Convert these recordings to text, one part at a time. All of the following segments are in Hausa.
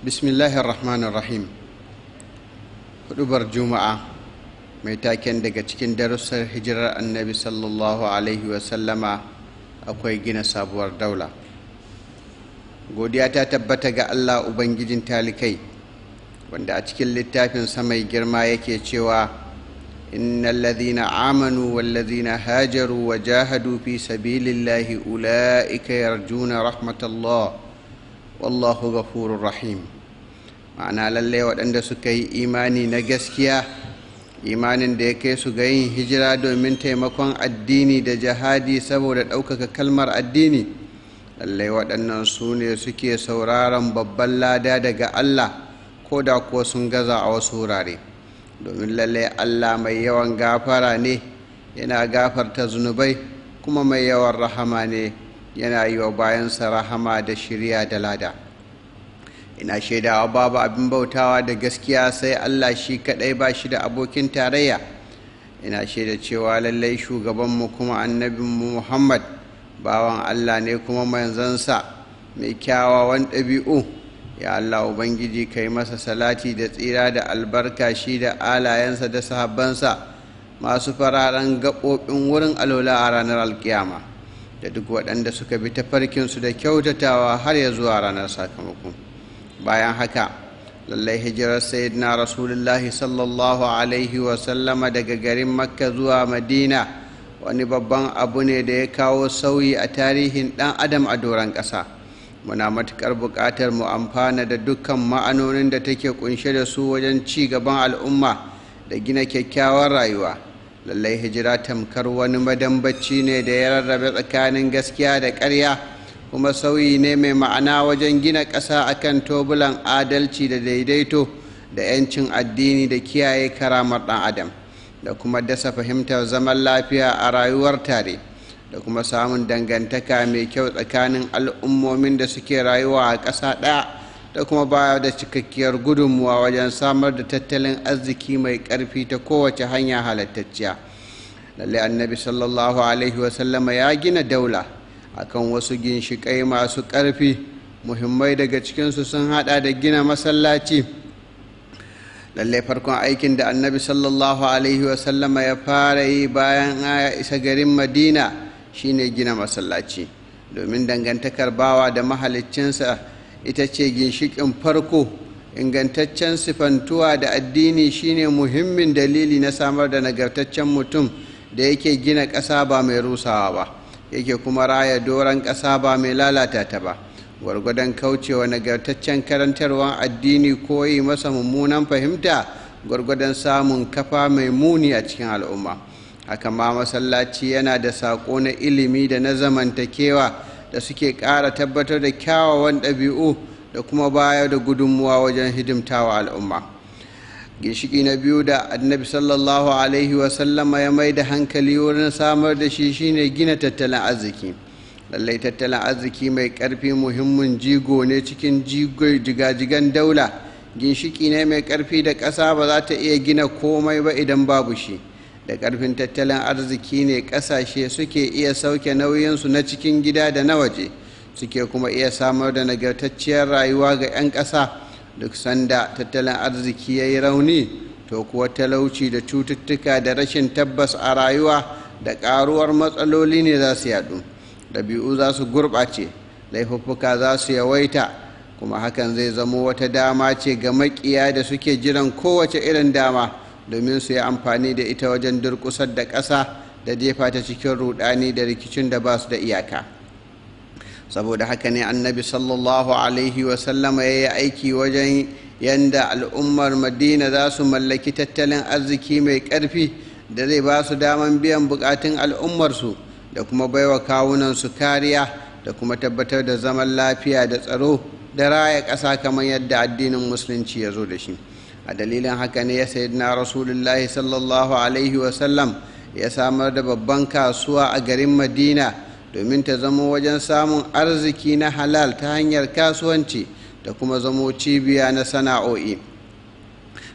bismillahir rahmanir rahim hudubar juma'a mai taken daga cikin darussan hijirar annabi sallallahu alaihi wasallama akwai gina sabuwar daula godiya ta tabbata ga allah ubangijin talikai wanda a cikin littafin mai girma yake cewa Inna الذين amanu والذين هاجروا hajaru wa jahadu fi sabilillahi ulaika juna, الله wallahu ghafurur rahim ma'ana lalle waɗanda suka yi imani na gaskiya imanin da ya kai su ga yin hijira domin taimakon addini da jihadi saboda ɗaukaka kalmar addini lalle waɗannan su ne suke sauraron babban lada daga allah ko da ko sun gaza a wasu wurare domin lalle allah mai yawan gafara ne yana gafarta zunubai kuma mai yawan rahama ne yana yi wa bayansa rahama da shirya da lada ina shaidawa babu abin bautawa da gaskiya sai allah shi kaɗai ba shi da abokin tarayya ina shaida cewa lallai shugabanmu kuma annabinmu muhammad bawan allah ne kuma manzansa mai kyawawan ɗabi'u ya allah ubangiji ka yi masa salati da tsira da albarka shi da alayensa da sahabbansa masu fararen gaɓoɓin wurin alola a ranar alkiyama da duk waɗanda suka bi ta tafarkinsu da kyautatawa har ya zuwa ranar sakamako bayan haka lallai hijirar sayyidina rasulullahi sallallahu alaihi wasallama daga garin makka zuwa madina wani babban abu ne da ya kawo sauyi a tarihin ɗan adam a doron ƙasa muna matuƙar buƙatar mu amfana da dukkan ma'anonin da take kunshe da su wajen ci gaban al'umma da gina kyakkyawar rayuwa lallai hijira tamkar wani madambaci ne da ya rarrabe tsakanin gaskiya da ƙarya kuma sauyi ne mai ma'ana wajen gina ƙasa akan tobulan adalci da daidaito da 'yancin addini da kiyaye karamar ɗan adam da kuma dasa fahimtar zaman lafiya a rayuwar tare da kuma samun dangantaka mai kyau tsakanin al'ummomin da suke rayuwa a ƙasa ɗaya da kuma baya da cikakkiyar gudunmuwa wajen samar da tattalin arziki mai ƙarfi ta kowace hanya halittacciya lalle annabi sallallahu alaihi wasallama ya gina daula akan wasu ginshiƙai masu karfi muhimmai daga cikinsu sun haɗa da gina masallaci lalle farkon aikin da annabi sallallahu alaihi wasallama ya fara yi bayan ya isa garin madina shine gina masallaci domin dangantakar bawa da mahaliccinsa ita ce ginshikin farko ingantaccen sifantuwa da addini shine muhimmin dalili na samar da nagartaccen mutum da yake gina ƙasa ba mai rusawa ba yake kuma raya doron ƙasa ba mai lalata ta ba gwargwadon kaucewa nagartaccen karantarwar addini koyi masa mummunan fahimta gwargwadon samun kafa mai muni a cikin al'umma haka ma masallaci yana da saƙo na ilimi da na zamantakewa da suke kara tabbatar da kyawawan ɗabi'u da kuma bayar da gudunmuwa wajen hidimtawa al'umma ginshiki na biyu da annabi sallallahu alaihi wasallama ya mai da hankali wurin samar da shi shine gina tattalin arziki lallai tattalin arziki mai ƙarfi muhimmin jigo ne cikin jigajigan daula ginshiki ne mai ƙarfi da ƙasa ba za ta iya gina komai ba idan babu shi da ƙarfin tattalin arziki ne ƙasashe suke iya sauke nauyinsu na cikin gida da na waje suke kuma iya samar da nagartacciyar rayuwa ga 'yan ƙasa duk sanda tattalin arziki ya yi rauni to kuwa talauci da cututtuka da rashin tabbas a rayuwa da ƙaruwar matsaloli ne za su yaɗu ɗabi'u za su gurɓace laifuffuka za su yawaita kuma hakan zai zamo wata dama ce ga maƙiya da suke jiran kowace irin dama domin su yi amfani da ita wajen durkusar da ƙasa da jefa ta cikin ruɗani da rikicin da ba su da iyaka saboda haka ne annabi sallallahu alaihi wasallama ya yi aiki wajen yadda al'ummar madina za su mallaki tattalin arziki mai ƙarfi da zai ba su daman biyan buƙatun al'ummarsu da kuma baiwa kawunansu kariya da kuma tabbatar da zaman lafiya da tsaro da raya ƙasa kamar yadda addinin musulunci ya zo da shi a dalilin haka ne ya na rasulullahi sallallahu alaihi wasallam ya samar da babban kasuwa a garin madina domin ta zama wajen samun arziki na halal ta hanyar kasuwanci da kuma zamo cibiya na sana'o'i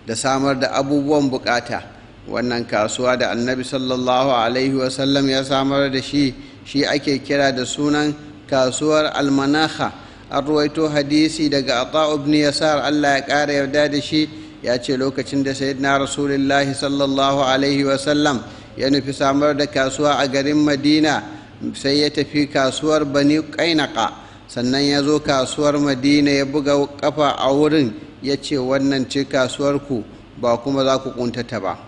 da samar da abubuwan bukata wannan kasuwa da annabi sallallahu alaihi wasallam ya samar da shi shi ake kira da sunan kasuwar almanaha an ruwaito hadisi daga ata ibn yasar Allah ya ƙara yarda da shi ya ce lokacin da sayyidina rasulullahi sallallahu alaihi wasallam ya nufi samar da kasuwa a garin madina sai ya tafi kasuwar bani kainaka sannan ya zo kasuwar madina ya buga kafa a wurin ya ce wannan ce kasuwarku ba kuma za ku kuntata ba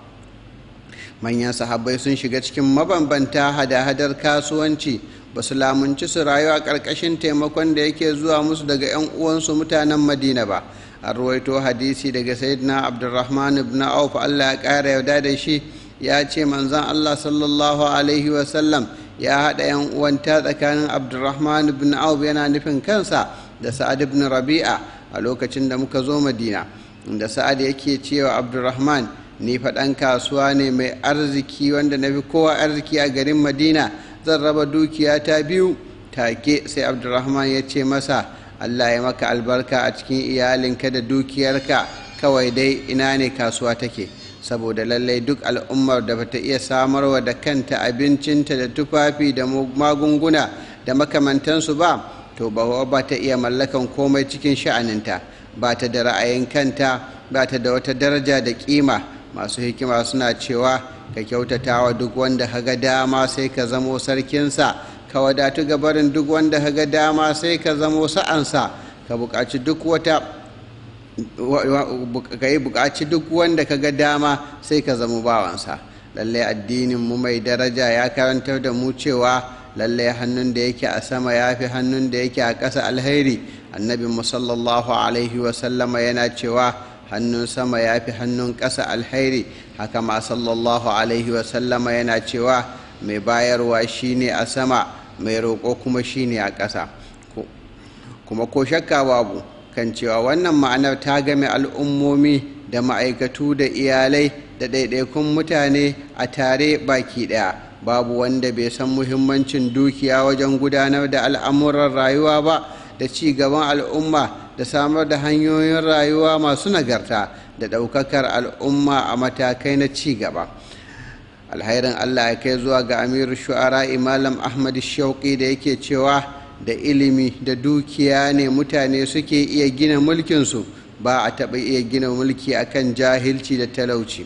manyan sahabbai sun shiga cikin mabambanta hada-hadar kasuwanci ba su lamunci su rayuwa ƙarƙashin taimakon da yake zuwa musu daga 'yan uwansu mutanen madina ba a ruwaito hadisi daga sayyidina abdurrahman ibn auf allah ya ƙara yarda da shi ya ce manzan allah sallallahu alaihi wasallam ya haɗa 'yan uwanta tsakanin abdurrahman ibn auf yana nufin kansa da sa'ad ibn rabi'a a lokacin da muka zo madina da sa'ad yake cewa abdurrahman ni faɗan kasuwa ne mai arziki wanda na fi kowa arziki a garin madina zan raba dukiya ta biyu take sai abdurrahman ya ce masa allah ya maka albarka a cikin iyalinka da dukiyarka kawai dai ina ne kasuwa take saboda lallai duk al'ummar da bata iya samarwa da kanta abincinta da tufafi da magunguna da makamantansu ba to ba ba ta iya mallakan komai cikin sha'aninta ba ta da ra'ayin kanta ba ta da wata daraja da kima masu hikima suna cewa ka kyautatawa duk wanda ka ga dama sai ka zamo sarkinsa ka wadatu gabarin duk wanda ka ga dama sai ka zamo sa'ansa ka buƙaci duk wata ka yi buƙaci duk wanda ka ga dama sai ka zamo bawansa lallai addinin mu mai daraja ya karantar da mu cewa lallai hannun da yake a sama ya fi hannun da yake a ƙasa alheri Annabi musallallahu alaihi wasallama yana cewa hannun sama ya fi hannun ƙasa alhairi haka ma sallallahu alaihi wasallama yana cewa mai bayarwa shine a sama mai roƙo kuma shine a ƙasa kuma ko shakka babu kan cewa wannan ma'anar ta game al'ummomi da ma'aikatu da iyalai da ɗaiɗaikun mutane a tare baki ɗaya babu wanda bai san muhimmancin dukiya wajen gudanar da al'amuran rayuwa ba da ci gaban al'umma da samar da hanyoyin rayuwa masu nagarta da ɗaukakar al'umma a matakai na ci gaba alhairin allah ya kai zuwa ga amiru shu'ara imalam ahmad shauƙi da yake cewa da ilimi da dukiya ne mutane suke iya gina mulkinsu ba a taɓa iya gina mulki akan jahilci da talauci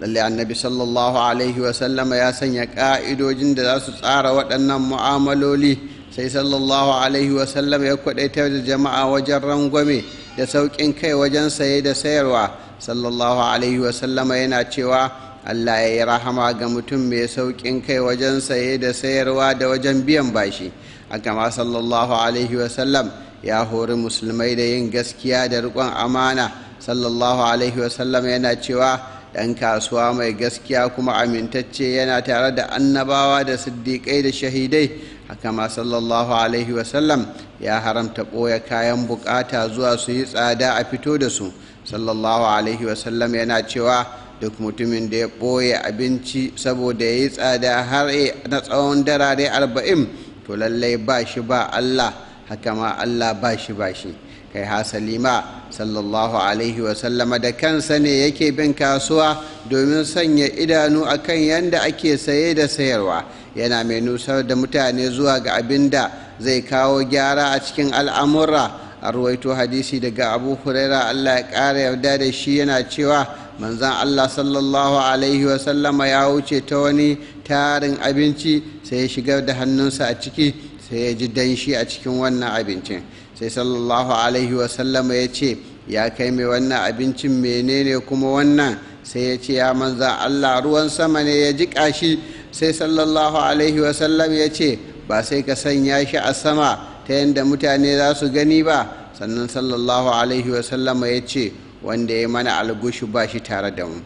Lallai annabi sallallahu alaihi wasallama ya sanya ƙa'idojin da za su tsara waɗannan mu'amaloli sai sallallahu alaihi wasallam ya kwaɗaita da jama'a wajen rangwame da sauƙin kai wajen saye da sayarwa sallallahu alaihi wasallama yana cewa allah ya yi rahama ga mutum mai sauƙin kai wajen saye da sayarwa da wajen biyan bashi a kama sallallahu alaihi wasallam ya hori musulmai da yin gaskiya da riƙon amana sallallahu alaihi wasallam yana cewa ɗan kasuwa mai gaskiya kuma amintacce yana tare da annabawa da siddiƙai da shahidai haka ma sallallahu alaihi wasallam ya haramta ɓoye kayan bukata zuwa su yi tsada a fito da su sallallahu alaihi wasallam yana cewa duk mutumin da ya ɓoye abinci saboda ya yi tsada har na tsawon darare arba'in to lallai ba shi ba allah haka ma allah ba shi ba shi kai hasali ma sallallahu alaihi wasallama da kansa ne yake bin kasuwa domin sanya idanu akan yadda ake saye da sayarwa yana mai nusar da mutane zuwa ga abin da zai kawo gyara a cikin al'amura a ruwaito hadisi daga abu huraira allah ya ƙara yarda da shi yana cewa manzan allah sallallahu alaihi wasallama ya wuce ta wani tarin abinci sai ya shigar da hannunsa a ciki sai ya ji danshi a cikin wannan abincin sai sallallahu alaihi wasallama ya ce ya kai mai wannan abincin menene kuma wannan sai ya ce ya manza allah ruwan sama ne ya jiƙa shi sai sallallahu alaihi wasallam ya ce ba sai ka sanya shi a sama ta yadda mutane za su gani ba sannan sallallahu alaihi wasallama ya ce wanda ya mana algushu ba shi tare da mu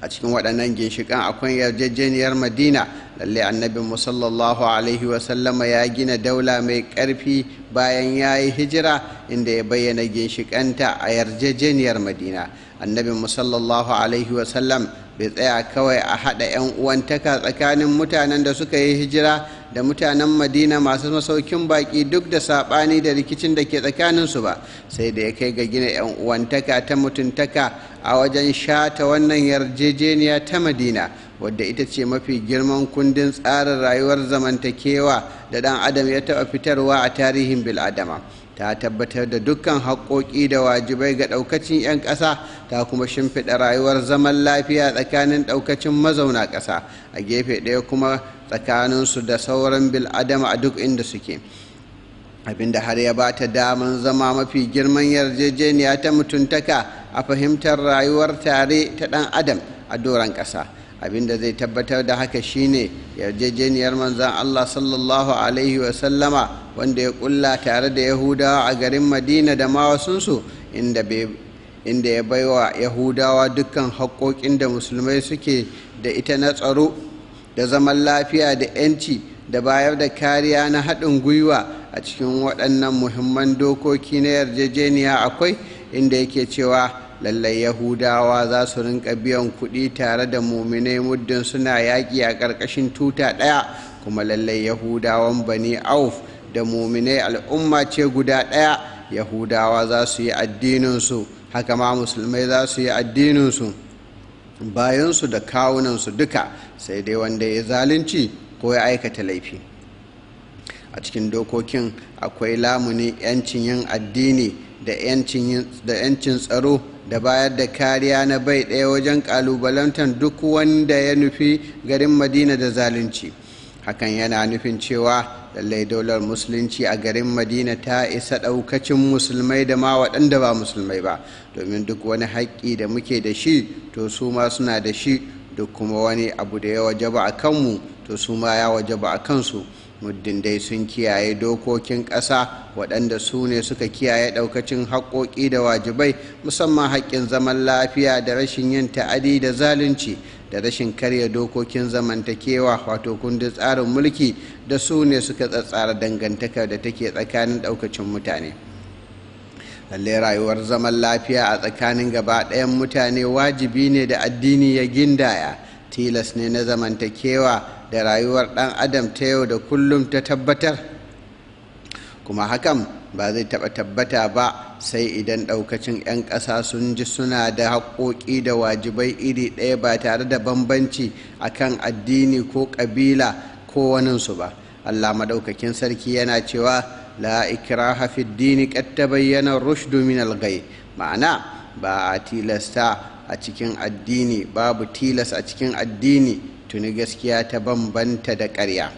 a cikin waɗannan ginshiƙan akwai yarjejeniyar madina lalle annabin musallallahu alaihi wasallama ya gina daula mai ƙarfi bayan ya yi hijira inda ya bayyana ginshiƙanta a yarjejeniyar madina annabin musallallahu alaihi wasallam bai tsaya kawai a haɗa 'yan uwantaka tsakanin mutanen da suka yi hijira da mutanen madina masu masaukin baƙi duk da saɓani da rikicin da ke tsakaninsu ba sai da ya kai ga gina 'yan uwantaka ta mutuntaka a wajen shata wannan yarjejeniya ta madina wadda ita ce mafi girman kundin tsarin rayuwar zamantakewa da ɗan adam ya taɓa fitarwa a tarihin bil'adama ta tabbatar da dukkan haƙoƙi da wajibai ga ɗaukacin 'yan ƙasa ta kuma shimfiɗa rayuwar zaman lafiya tsakanin ɗaukacin mazauna ƙasa a gefe ɗaya kuma tsakaninsu da sauran bil'adama a duk inda suke abinda har ya ba ta daman zama mafi girman yarjejeniya ta mutuntaka a fahimtar rayuwar tare ta ɗan adam a doron ƙasa abinda zai tabbatar da haka shine yarjejeniyar manzan Allah sallallahu alaihi wasallama wanda ya kulla tare da yahudawa a garin madina da mawasunsu inda ya baiwa yahudawa dukkan haƙoƙin da musulmai suke da ita na tsaro da zaman lafiya da 'yanci da bayar da kariya na haɗin gwiwa a cikin waɗannan muhimman dokoki na yarjejeniya akwai inda yake cewa lallai yahudawa za su rinka biyan kuɗi tare da muminai muddin suna yaƙi a ƙarƙashin tuta ɗaya kuma lallai yahudawan bani auf da muminai al'umma ce guda ɗaya yahudawa za su yi addininsu haka ma musulmai za su yi addininsu bayansu da kawunansu duka sai dai wanda ya zalunci ko ya aikata laifi a cikin dokokin akwai lamuni 'yancin yin addini da 'yancin tsaro da bayar da kariya na bai ɗaya wajen ƙalubalantar duk wanda ya nufi garin madina da zalunci hakan yana nufin cewa lallai daular musulunci a garin madina ta isa ɗaukacin musulmai da ma waɗanda ba musulmai ba domin duk wani haƙƙi da muke da shi to su ma suna da shi duk kuma wani abu da ya wajaba a kanmu to su ma ya wajaba a kansu muddin dai sun kiyaye dokokin ƙasa waɗanda su ne suka kiyaye ɗaukacin haƙoƙi da wajibai musamman haƙƙin zaman lafiya da rashin yin ta'adi da zalunci da rashin karya dokokin zamantakewa wato kundin tsarin mulki da su ne suka tsatsara dangantakar da take tsakanin ɗaukacin mutane lalle rayuwar zaman lafiya a tsakanin gaba ɗayan mutane wajibi ne da addini ya gindaya tilas ne na zamantakewa da rayuwar ɗan adam ta yau da kullum ta tabbatar kuma hakan ba zai taɓa tabbata ba sai idan ɗaukacin 'yan ƙasa sun ji suna da haƙoƙi da wajibai iri ɗaya ba tare da bambanci a kan addini ko ƙabila ko waninsu ba allah maɗaukakin sarki yana cewa la ikraha fi dini qad bayyana rushdu min algai." ma'ana ba a tilasta a cikin addini babu tilas a cikin addini tuni gaskiya ta bambanta da ƙarya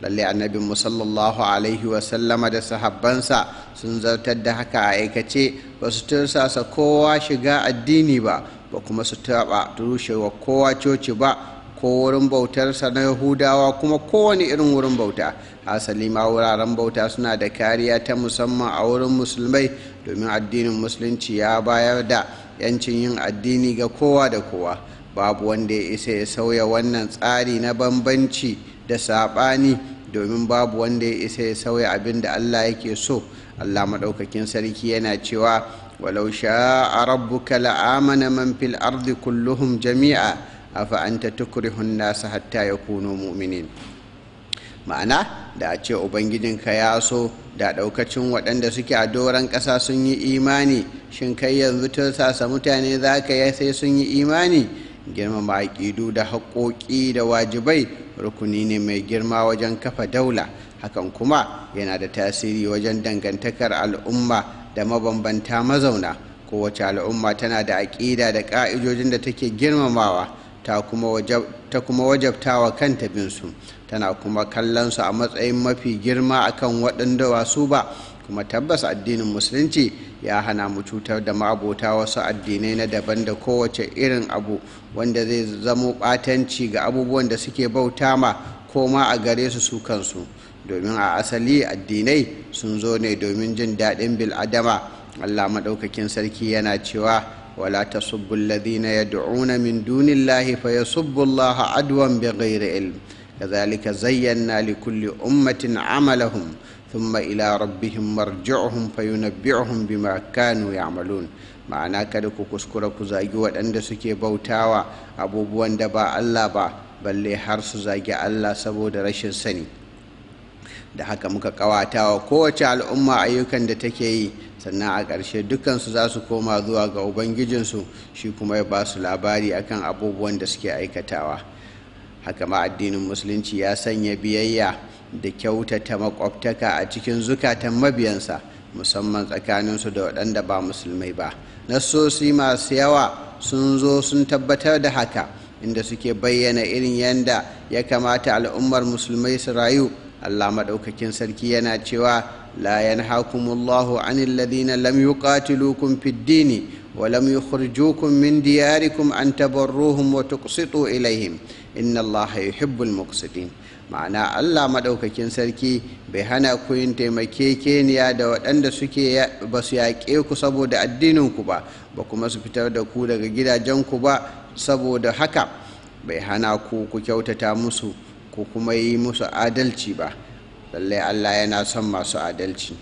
lalle annabin mu sallallahu alaihi sallama da sahabbansa sun zartar da haka a aikace ba su tursasa kowa shiga addini ba ba kuma su taɓa rushewa kowa coci ba ko wurin bautarsa na yahudawa kuma kowane irin wurin bauta asali ma wuraren bauta suna da kariya ta musamman a wurin musulmai domin addinin musulunci ya bayar da 'yancin yin addini ga kowa da kowa babu wanda ya isa ya sauya wannan tsari na bambanci da saɓani domin babu wanda ya isa ya sauya abin da Allah yake so Allah maɗaukakin sarki yana cewa walau sha'a rabbuka la'amana man fil ardi kulluhum jami'a afa anta tukrihun nasa hatta yakunu mu'minin ma'ana da a ce ubangijinka ya so da ɗaukacin waɗanda suke a doron ƙasa sun yi imani shin kai yanzu sa mutane za ka yi sai sun yi imani girmama aƙidu da haƙoƙi da wajibai rukuni ne mai girma wajen kafa daula hakan kuma yana da tasiri wajen dangantakar al'umma da mabambanta mazauna kowace al'umma tana da aƙida da ƙa'idojin da take girmamawa ta kuma wajabtawa kanta binsu tana kuma kallonsu a matsayin mafi girma akan waɗanda wasu ba kuma tabbas addinin musulunci ya hana mu cutar da ma'abota wasu addinai na daban da kowace irin abu wanda zai zamo ɓatanci ga abubuwan da suke bauta ma ko ma a gare su su kansu domin a asali addinai sun zo ne domin jin daɗin bil'adama allah maɗaukakin sarki yana cewa wala tasubbu alladhina yad'una min dunillahi fayasubbu allaha adwan bighairi ilm zalika zayyana likulli ummatin amalahum thumma ila rabbihim marji'uhum fayunabbi'uhum bima kanu ya'malun ma'ana kada ku kuskura ku zagi waɗanda suke bautawa abubuwan da ba Allah ba balle har su zagi Allah saboda rashin sani da haka muka kawatawa kowace al'umma ayyukan da take yi sannan a ƙarshe dukansu za su koma zuwa ga ubangijinsu shi kuma ya ba su labari akan abubuwan da suke aikatawa haka ma addinin musulunci ya sanya biyayya da kyautata makwabtaka a cikin zukatan mabiyansa musamman tsakaninsu da waɗanda ba musulmai ba nassosi masu yawa sun zo sun tabbatar da haka inda suke bayyana irin yanda ya kamata al'ummar musulmai su rayu allah maɗaukakin sarki yana cewa la yanhakumullahu anil ladina lam yuqatilukum fid dini ولم يخرجوكم من دياركم أن تبروهم وتقسطوا إليهم إن الله يحب ma'ana allah maɗaukakin sarki bai hana ku yin taimakekeniya da waɗanda suke basu su ku saboda addininku ba ba kuma su fitar da ku daga gidajenku ba saboda haka bai hana ku ku kyautata musu ku kuma yi musu adalci ba lallai allah yana son masu adalci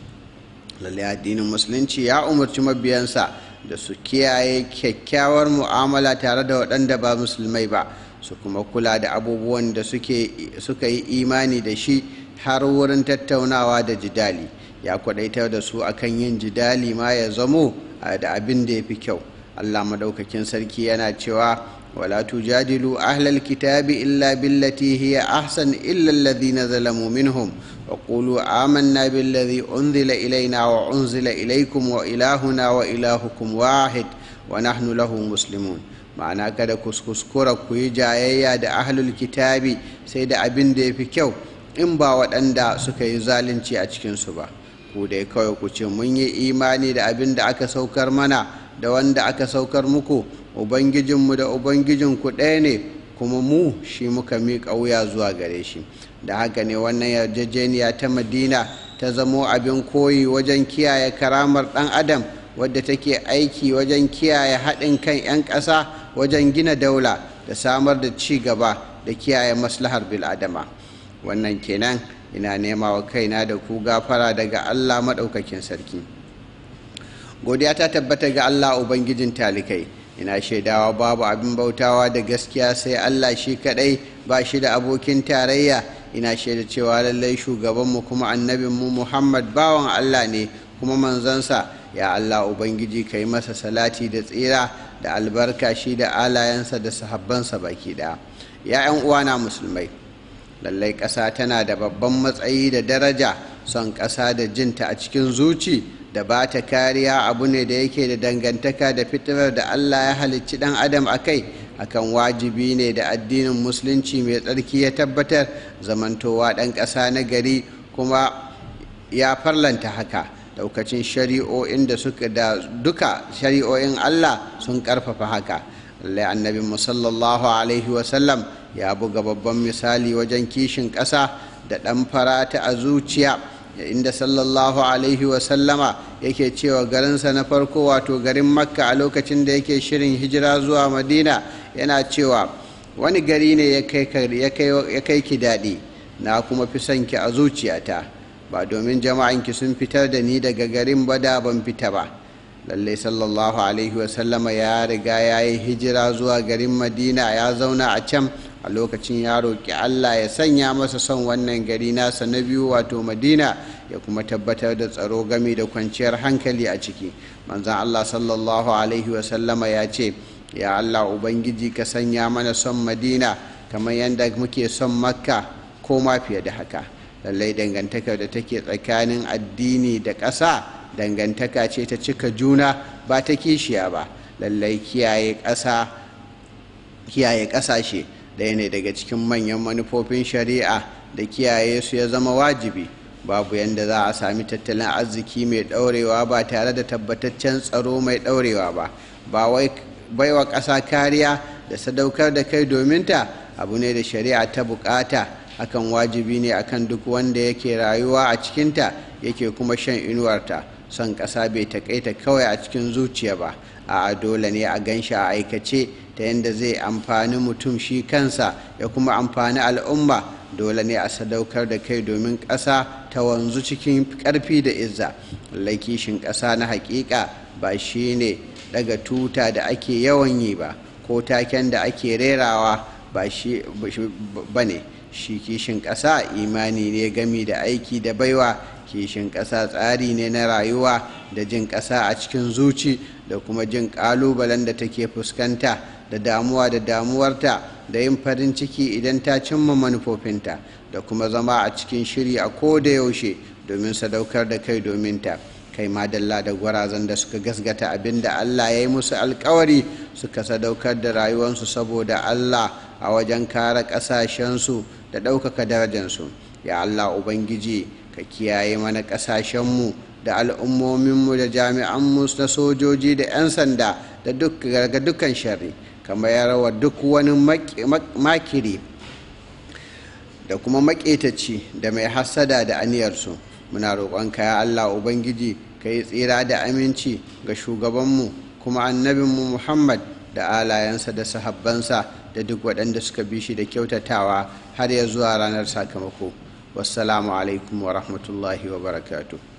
lallai addinin musulunci ya umarci mabiyansa da su kiyaye kyakkyawar mu'amala tare da waɗanda ba musulmai ba su kuma kula da abubuwan da suka yi imani da shi har wurin tattaunawa da jidali ya kwadaitar da su akan yin jidali ma ya zamo da abin da ya fi kyau allah madaukakin sarki yana cewa ولا تجادلوا أهل الكتاب إلا بالتي هي أحسن إلا الذين ظلموا منهم وقولوا آمنا بالذي أنزل إلينا وأنزل إليكم وإلهنا وإلهكم واحد ونحن له مسلمون ma'ana kada ku kuskura ku yi jayayya da ahlul kitabi sai da abin da ya fi kyau in ba waɗanda suka yi zalunci a cikinsu ba ku dai kawai ku ce mun yi imani da abin da aka saukar mana da wanda aka saukar muku ubangijinmu da ubangijinku ɗaya ne kuma mu shi muka miƙa wuya zuwa gare shi da haka ne wannan yarjejeniya ta madina ta zamo abin koyi wajen kiyaye karamar ɗan adam wadda take aiki wajen kiyaye haɗin kan 'yan ƙasa wajen gina daula da samar da ci gaba da kiyaye maslahar bil'adama wannan kenan ina nema wa kaina da ku gafara daga allah maɗaukakin sarki godiya ta tabbata ga allah ubangijin talikai ina shaidawa babu abin bautawa da gaskiya sai Allah shi kadai ba shi da abokin tarayya ina shaida cewa lallai shugabanmu kuma annabinmu Muhammad bawan Allah ne kuma manzansa ya Allah Ubangiji ka yi masa salati da tsira da albarka shi da alayensa da sahabbansa baki ɗaya ya uwana musulmai lallai ƙasa tana da babban matsayi da daraja son ƙasa da jinta a cikin zuci da ba ta kariya abu ne da yake da dangantaka da fitilar da Allah ya halicci ɗan adam a kai akan wajibi ne da addinin musulunci mai tsarki ya tabbatar zamantowa ɗan ƙasa na gari kuma ya farlanta haka daukacin shari'o'in da suka da duka shari'o'in Allah sun ƙarfafa haka Allah annabi musallallahu alaihi wasallam ya buga babban misali wajen kishin ƙasa da ɗan farata a zuciya inda sallallahu alaihi wasallama yake cewa garinsa na farko wato garin makka a lokacin da yake shirin hijira zuwa madina yana cewa wani gari ne ya kai ki daɗi na kuma fi son ki a zuciyata ba domin jama'an ki sun fitar da ni daga garin ba da ban fita ba lallai sallallahu alaihi wasallama ya riga ya yi hijira zuwa garin madina ya zauna a can a lokacin ya roƙi Allah ya sanya masa son wannan gari nasa na biyu wato Madina ya kuma tabbatar da tsaro gami da kwanciyar hankali a ciki manzan Allah sallallahu alaihi wasallama ya ce ya Allah ubangiji ka sanya mana son Madina kamar yadda muke son Makka ko ma fiye da haka lallai dangantakar da take tsakanin addini da ƙasa dangantaka ce ta cika juna ba ta kishiya ba lallai kiyaye ƙasa kiyaye ƙasashe ɗaya ne daga cikin manyan manufofin shari'a da kiyaye su ya zama wajibi babu yadda za a sami tattalin arziki mai ɗaurewa ba tare da tabbataccen tsaro mai ɗaurewa ba ba wai baiwa ƙasa kariya da sadaukar da kai domin ta? abu ne da shari'a ta bukata akan wajibi ne akan duk wanda yake rayuwa a cikinta yake kuma shan inuwarta son ƙasa bai taƙaita kawai a cikin zuciya ba a dole ne a ganshi a aikace ta yadda zai amfani mutum shi kansa ya kuma amfani al'umma dole ne a sadaukar da kai domin ƙasa ta wanzu cikin ƙarfi da izza laikishin ƙasa na haƙiƙa ba shi ne daga tuta da ake yawan yi ba ko taken da ake rerawa ba shi ba ne shi kishin ƙasa imani ne gami da aiki da baiwa kishin ƙasa tsari ne na rayuwa da jin ƙasa a cikin zuci da kuma jin ƙalubalen da take fuskanta da damuwa da damuwarta da yin farin ciki idan ta cimma manufofinta da kuma zama a cikin shiri a ko da yaushe domin sadaukar da kai domin ta kai ma dalla da gwarazan da suka gasgata abin da Allah ya yi musu alkawari suka sadaukar da rayuwarsu saboda Allah a wajen kare ƙasashensu da ɗaukaka darajansu ya Allah Ubangiji ka kiyaye mana ƙasashenmu da al'ummominmu da jami'anmu na sojoji da 'yan sanda da dukkan shari'a. kamar ya rawa duk wani makiri da kuma maƙetaci da mai hasada da aniyarsu muna roƙonka ya allah ubangiji ka yi tsira da aminci ga shugabanmu kuma annabinmu muhammad da alayensa da sahabbansa da duk waɗanda suka bi shi da kyautatawa har ya zuwa ranar sakamako wassalamu alaikum wa rahmatullahi wa barakatuh